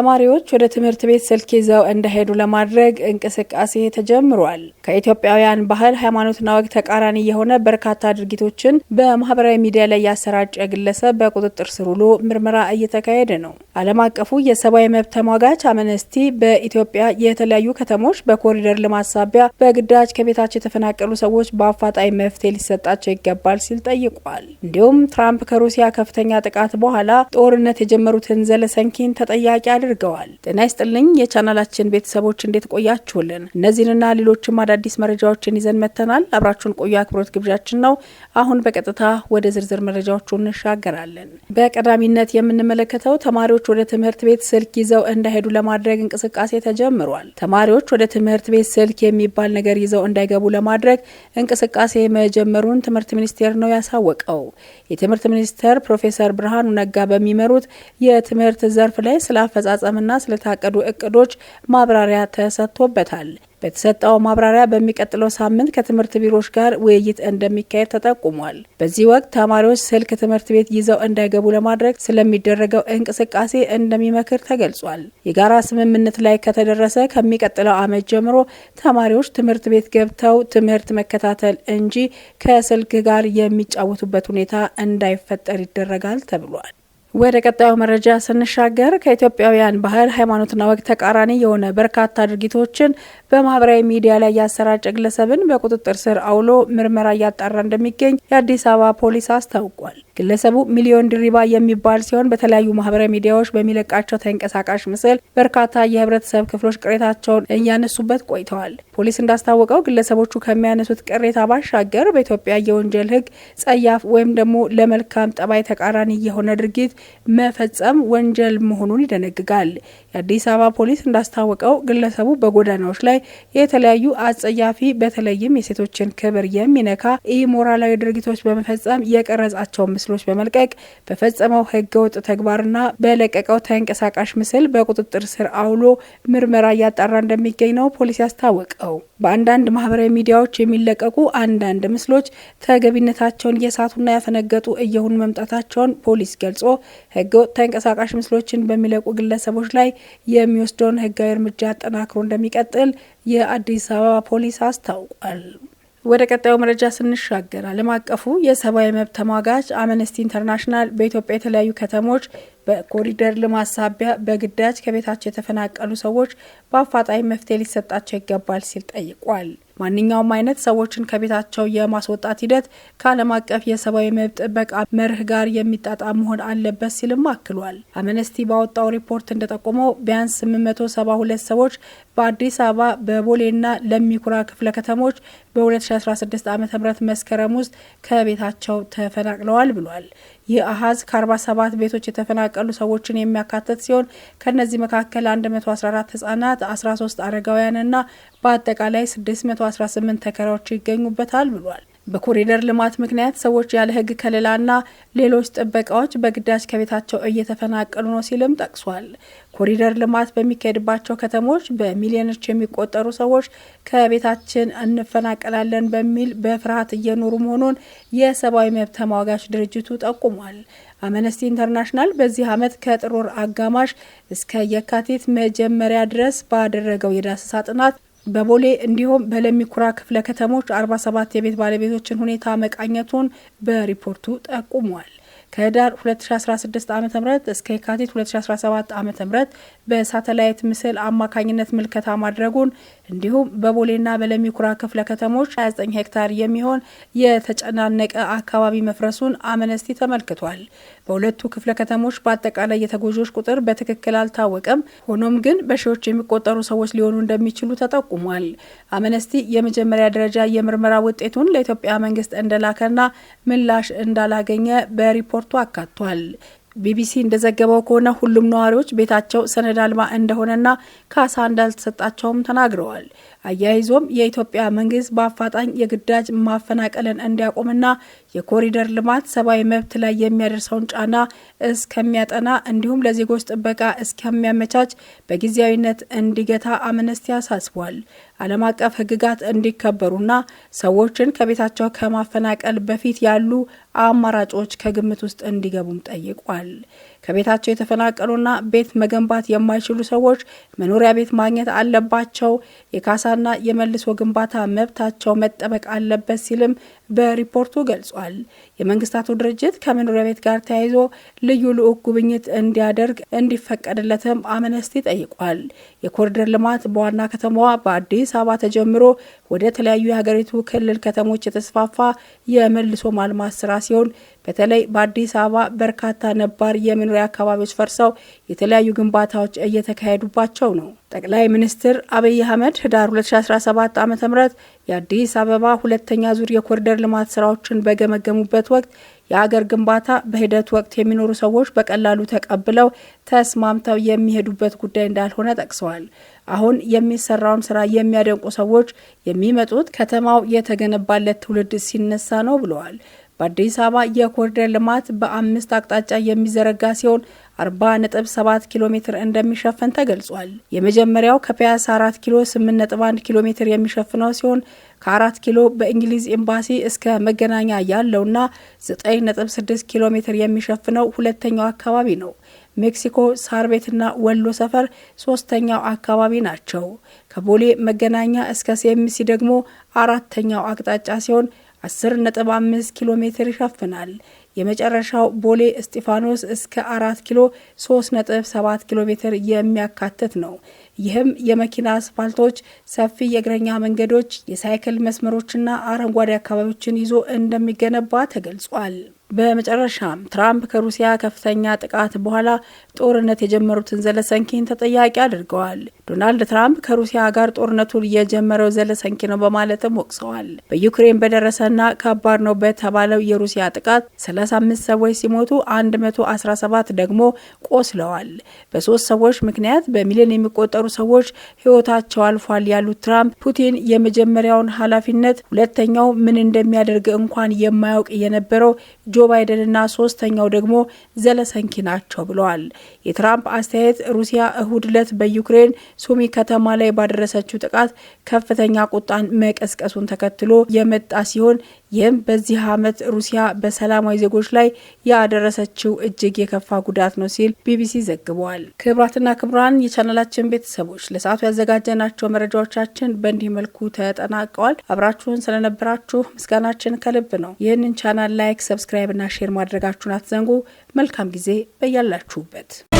ተማሪዎች ወደ ትምህርት ቤት ስልክ ይዘው እንዳይሄዱ ለማድረግ እንቅስቃሴ ተጀምሯል። ከኢትዮጵያውያን ባህል፣ ሃይማኖትና ወግ ተቃራኒ የሆነ በርካታ ድርጊቶችን በማህበራዊ ሚዲያ ላይ ያሰራጨ ግለሰብ በቁጥጥር ስር ውሎ ምርመራ እየተካሄደ ነው። ዓለም አቀፉ የሰብአዊ መብት ተሟጋች አምነስቲ በኢትዮጵያ የተለያዩ ከተሞች በኮሪደር ልማት ሳቢያ በግዳጅ ከቤታቸው የተፈናቀሉ ሰዎች በአፋጣኝ መፍትሄ ሊሰጣቸው ይገባል ሲል ጠይቋል። እንዲሁም ትራምፕ ከሩሲያ ከፍተኛ ጥቃት በኋላ ጦርነት የጀመሩትን ዘለሰንኪን ተጠያቂ አድርጓል። አድርገዋል። ጤና ይስጥልኝ የቻናላችን ቤተሰቦች እንዴት ቆያችሁልን? እነዚህንና ሌሎችም አዳዲስ መረጃዎችን ይዘን መጥተናል። አብራችሁን ቆዩ አክብሮት ግብዣችን ነው። አሁን በቀጥታ ወደ ዝርዝር መረጃዎቹ እንሻገራለን። በቀዳሚነት የምንመለከተው ተማሪዎች ወደ ትምህርት ቤት ስልክ ይዘው እንዳይሄዱ ለማድረግ እንቅስቃሴ ተጀምሯል። ተማሪዎች ወደ ትምህርት ቤት ስልክ የሚባል ነገር ይዘው እንዳይገቡ ለማድረግ እንቅስቃሴ መጀመሩን ትምህርት ሚኒስቴር ነው ያሳወቀው። የትምህርት ሚኒስቴር ፕሮፌሰር ብርሃኑ ነጋ በሚመሩት የትምህርት ዘርፍ ላይ ስለ አፈጻጸ አፈጻጸምና ስለታቀዱ እቅዶች ማብራሪያ ተሰጥቶበታል። በተሰጠው ማብራሪያ በሚቀጥለው ሳምንት ከትምህርት ቢሮዎች ጋር ውይይት እንደሚካሄድ ተጠቁሟል። በዚህ ወቅት ተማሪዎች ስልክ ትምህርት ቤት ይዘው እንዳይገቡ ለማድረግ ስለሚደረገው እንቅስቃሴ እንደሚመክር ተገልጿል። የጋራ ስምምነት ላይ ከተደረሰ ከሚቀጥለው ዓመት ጀምሮ ተማሪዎች ትምህርት ቤት ገብተው ትምህርት መከታተል እንጂ ከስልክ ጋር የሚጫወቱበት ሁኔታ እንዳይፈጠር ይደረጋል ተብሏል። ወደ ቀጣዩ መረጃ ስንሻገር ከኢትዮጵያውያን ባህል፣ ሃይማኖትና ወግ ተቃራኒ የሆነ በርካታ ድርጊቶችን በማህበራዊ ሚዲያ ላይ ያሰራጨ ግለሰብን በቁጥጥር ስር አውሎ ምርመራ እያጣራ እንደሚገኝ የአዲስ አበባ ፖሊስ አስታውቋል። ግለሰቡ ሚሊዮን ድሪባ የሚባል ሲሆን በተለያዩ ማህበራዊ ሚዲያዎች በሚለቃቸው ተንቀሳቃሽ ምስል በርካታ የህብረተሰብ ክፍሎች ቅሬታቸውን እያነሱበት ቆይተዋል። ፖሊስ እንዳስታወቀው ግለሰቦቹ ከሚያነሱት ቅሬታ ባሻገር በኢትዮጵያ የወንጀል ህግ ጸያፍ ወይም ደግሞ ለመልካም ጠባይ ተቃራኒ የሆነ ድርጊት መፈጸም ወንጀል መሆኑን ይደነግጋል። የአዲስ አበባ ፖሊስ እንዳስታወቀው ግለሰቡ በጎዳናዎች ላይ የተለያዩ አጸያፊ በተለይም የሴቶችን ክብር የሚነካ ኢሞራላዊ ድርጊቶች በመፈጸም የቀረጻቸውን ምስሎች በመልቀቅ በፈጸመው ህገወጥ ተግባርና በለቀቀው ተንቀሳቃሽ ምስል በቁጥጥር ስር አውሎ ምርመራ እያጣራ እንደሚገኝ ነው ፖሊስ ያስታወቀው። በአንዳንድ ማህበራዊ ሚዲያዎች የሚለቀቁ አንዳንድ ምስሎች ተገቢነታቸውን እየሳቱና ያፈነገጡ እየሆኑ መምጣታቸውን ፖሊስ ገልጾ ህገወጥ ተንቀሳቃሽ ምስሎችን በሚለቁ ግለሰቦች ላይ የሚወስደውን ህጋዊ እርምጃ አጠናክሮ እንደሚቀጥል የአዲስ አበባ ፖሊስ አስታውቋል። ወደ ቀጣዩ መረጃ ስንሻገር ዓለም አቀፉ የሰብአዊ መብት ተሟጋች አምነስቲ ኢንተርናሽናል በኢትዮጵያ የተለያዩ ከተሞች በኮሪደር ልማት ሳቢያ በግዳጅ ከቤታቸው የተፈናቀሉ ሰዎች በአፋጣኝ መፍትሄ ሊሰጣቸው ይገባል ሲል ጠይቋል። ማንኛውም አይነት ሰዎችን ከቤታቸው የማስወጣት ሂደት ከዓለም አቀፍ የሰብአዊ መብት ጥበቃ መርህ ጋር የሚጣጣም መሆን አለበት ሲልም አክሏል። አምነስቲ ባወጣው ሪፖርት እንደጠቆመው ቢያንስ 872 ሰዎች በአዲስ አበባ በቦሌና ለሚኩራ ክፍለ ከተሞች በ2016 ዓ ም መስከረም ውስጥ ከቤታቸው ተፈናቅለዋል ብሏል። ይህ አሀዝ ከ47 ቤቶች የተፈናቀሉ ሰዎችን የሚያካትት ሲሆን ከእነዚህ መካከል 114 ህጻናት፣ 13 አረጋውያንና በአጠቃላይ 618 ተከራዎች ይገኙበታል ብሏል። በኮሪደር ልማት ምክንያት ሰዎች ያለ ህግ ከለላና ሌሎች ጥበቃዎች በግዳጅ ከቤታቸው እየተፈናቀሉ ነው ሲልም ጠቅሷል። ኮሪደር ልማት በሚካሄድባቸው ከተሞች በሚሊዮኖች የሚቆጠሩ ሰዎች ከቤታችን እንፈናቀላለን በሚል በፍርሃት እየኖሩ መሆኑን የሰብአዊ መብት ተሟጋች ድርጅቱ ጠቁሟል። አምነስቲ ኢንተርናሽናል በዚህ ዓመት ከጥር አጋማሽ እስከ የካቲት መጀመሪያ ድረስ ባደረገው የዳሰሳ ጥናት በቦሌ እንዲሁም በለሚኩራ ክፍለ ከተሞች 47 የቤት ባለቤቶችን ሁኔታ መቃኘቱን በሪፖርቱ ጠቁሟል። ከህዳር 2016 ዓ ም እስከ የካቲት 2017 ዓ ም በሳተላይት ምስል አማካኝነት ምልከታ ማድረጉን እንዲሁም በቦሌና በለሚኩራ ክፍለ ከተሞች 29 ሄክታር የሚሆን የተጨናነቀ አካባቢ መፍረሱን አምነስቲ ተመልክቷል። በሁለቱ ክፍለ ከተሞች በአጠቃላይ የተጎጂዎች ቁጥር በትክክል አልታወቀም። ሆኖም ግን በሺዎች የሚቆጠሩ ሰዎች ሊሆኑ እንደሚችሉ ተጠቁሟል። አምነስቲ የመጀመሪያ ደረጃ የምርመራ ውጤቱን ለኢትዮጵያ መንግስት እንደላከና ምላሽ እንዳላገኘ በሪፖርቱ አካቷል። ቢቢሲ እንደዘገበው ከሆነ ሁሉም ነዋሪዎች ቤታቸው ሰነድ አልባ እንደሆነና ካሳ እንዳልተሰጣቸውም ተናግረዋል። አያይዞም የኢትዮጵያ መንግስት በአፋጣኝ የግዳጅ ማፈናቀልን እንዲያቆምና የኮሪደር ልማት ሰብአዊ መብት ላይ የሚያደርሰውን ጫና እስከሚያጠና እንዲሁም ለዜጎች ጥበቃ እስከሚያመቻች በጊዜያዊነት እንዲገታ አምነስቲ አሳስቧል። ዓለም አቀፍ ህግጋት እንዲከበሩና ሰዎችን ከቤታቸው ከማፈናቀል በፊት ያሉ አማራጮች ከግምት ውስጥ እንዲገቡም ጠይቋል። ከቤታቸው የተፈናቀሉና ቤት መገንባት የማይችሉ ሰዎች መኖሪያ ቤት ማግኘት አለባቸው። የካሳ ግንባታና የመልሶ ግንባታ መብታቸው መጠበቅ አለበት ሲልም በሪፖርቱ ገልጿል። የመንግስታቱ ድርጅት ከመኖሪያ ቤት ጋር ተያይዞ ልዩ ልዑክ ጉብኝት እንዲያደርግ እንዲፈቀድለትም አምነስቲ ጠይቋል። የኮሪደር ልማት በዋና ከተማዋ በአዲስ አበባ ተጀምሮ ወደ ተለያዩ የሀገሪቱ ክልል ከተሞች የተስፋፋ የመልሶ ማልማት ስራ ሲሆን በተለይ በአዲስ አበባ በርካታ ነባር የመኖሪያ አካባቢዎች ፈርሰው የተለያዩ ግንባታዎች እየተካሄዱባቸው ነው። ጠቅላይ ሚኒስትር አብይ አህመድ ህዳር 2017 ዓ ም የአዲስ አበባ ሁለተኛ ዙር የኮሪደር ልማት ስራዎችን በገመገሙበት ወቅት የአገር ግንባታ በሂደት ወቅት የሚኖሩ ሰዎች በቀላሉ ተቀብለው ተስማምተው የሚሄዱበት ጉዳይ እንዳልሆነ ጠቅሰዋል። አሁን የሚሰራውን ስራ የሚያደንቁ ሰዎች የሚመጡት ከተማው የተገነባለት ትውልድ ሲነሳ ነው ብለዋል። በአዲስ አበባ የኮሪደር ልማት በአምስት አቅጣጫ የሚዘረጋ ሲሆን 40.7 ኪሎ ሜትር እንደሚሸፍን ተገልጿል። የመጀመሪያው ከፒያሳ 4 ኪሎ 8.1 ኪሎ ሜትር የሚሸፍነው ሲሆን ከአራት ኪሎ በእንግሊዝ ኤምባሲ እስከ መገናኛ ያለውና 9.6 ኪሎ ሜትር የሚሸፍነው ሁለተኛው አካባቢ ነው። ሜክሲኮ ሳር ቤትና ወሎ ሰፈር ሶስተኛው አካባቢ ናቸው። ከቦሌ መገናኛ እስከ ሴምሲ ደግሞ አራተኛው አቅጣጫ ሲሆን 10.5 ኪሎ ሜትር ይሸፍናል። የመጨረሻው ቦሌ እስጢፋኖስ እስከ አራት ኪሎ 3.7 ኪሎ ሜትር የሚያካትት ነው። ይህም የመኪና አስፋልቶች፣ ሰፊ የእግረኛ መንገዶች፣ የሳይክል መስመሮችና አረንጓዴ አካባቢዎችን ይዞ እንደሚገነባ ተገልጿል። በመጨረሻም ትራምፕ ከሩሲያ ከፍተኛ ጥቃት በኋላ ጦርነት የጀመሩትን ዘለሰንኪን ተጠያቂ አድርገዋል። ዶናልድ ትራምፕ ከሩሲያ ጋር ጦርነቱን የጀመረው ዘለሰንኪ ነው በማለትም ወቅሰዋል። በዩክሬን በደረሰና ከባድ ነው በተባለው የሩሲያ ጥቃት 35 ሰዎች ሲሞቱ 117 ደግሞ ቆስለዋል። በሶስት ሰዎች ምክንያት በሚሊዮን የሚቆጠሩ ሰዎች ሕይወታቸው አልፏል ያሉት ትራምፕ ፑቲን የመጀመሪያውን ኃላፊነት፣ ሁለተኛው ምን እንደሚያደርግ እንኳን የማያውቅ የነበረው ጆ ባይደንና ሶስተኛው ደግሞ ዘለሰንኪ ናቸው ብለዋል። የትራምፕ አስተያየት ሩሲያ እሁድ ዕለት በዩክሬን ሱሚ ከተማ ላይ ባደረሰችው ጥቃት ከፍተኛ ቁጣን መቀስቀሱን ተከትሎ የመጣ ሲሆን ይህም በዚህ ዓመት ሩሲያ በሰላማዊ ዜጎች ላይ ያደረሰችው እጅግ የከፋ ጉዳት ነው ሲል ቢቢሲ ዘግቧል። ክብራትና ክብራን የቻናላችን ቤተሰቦች ለሰዓቱ ያዘጋጀናቸው መረጃዎቻችን በእንዲህ መልኩ ተጠናቀዋል። አብራችሁን ስለነበራችሁ ምስጋናችን ከልብ ነው። ይህንን ቻናል ላይክ፣ ሰብስክራ ሰብስክራይብና ሼር ማድረጋችሁን አትዘንጉ። መልካም ጊዜ በያላችሁበት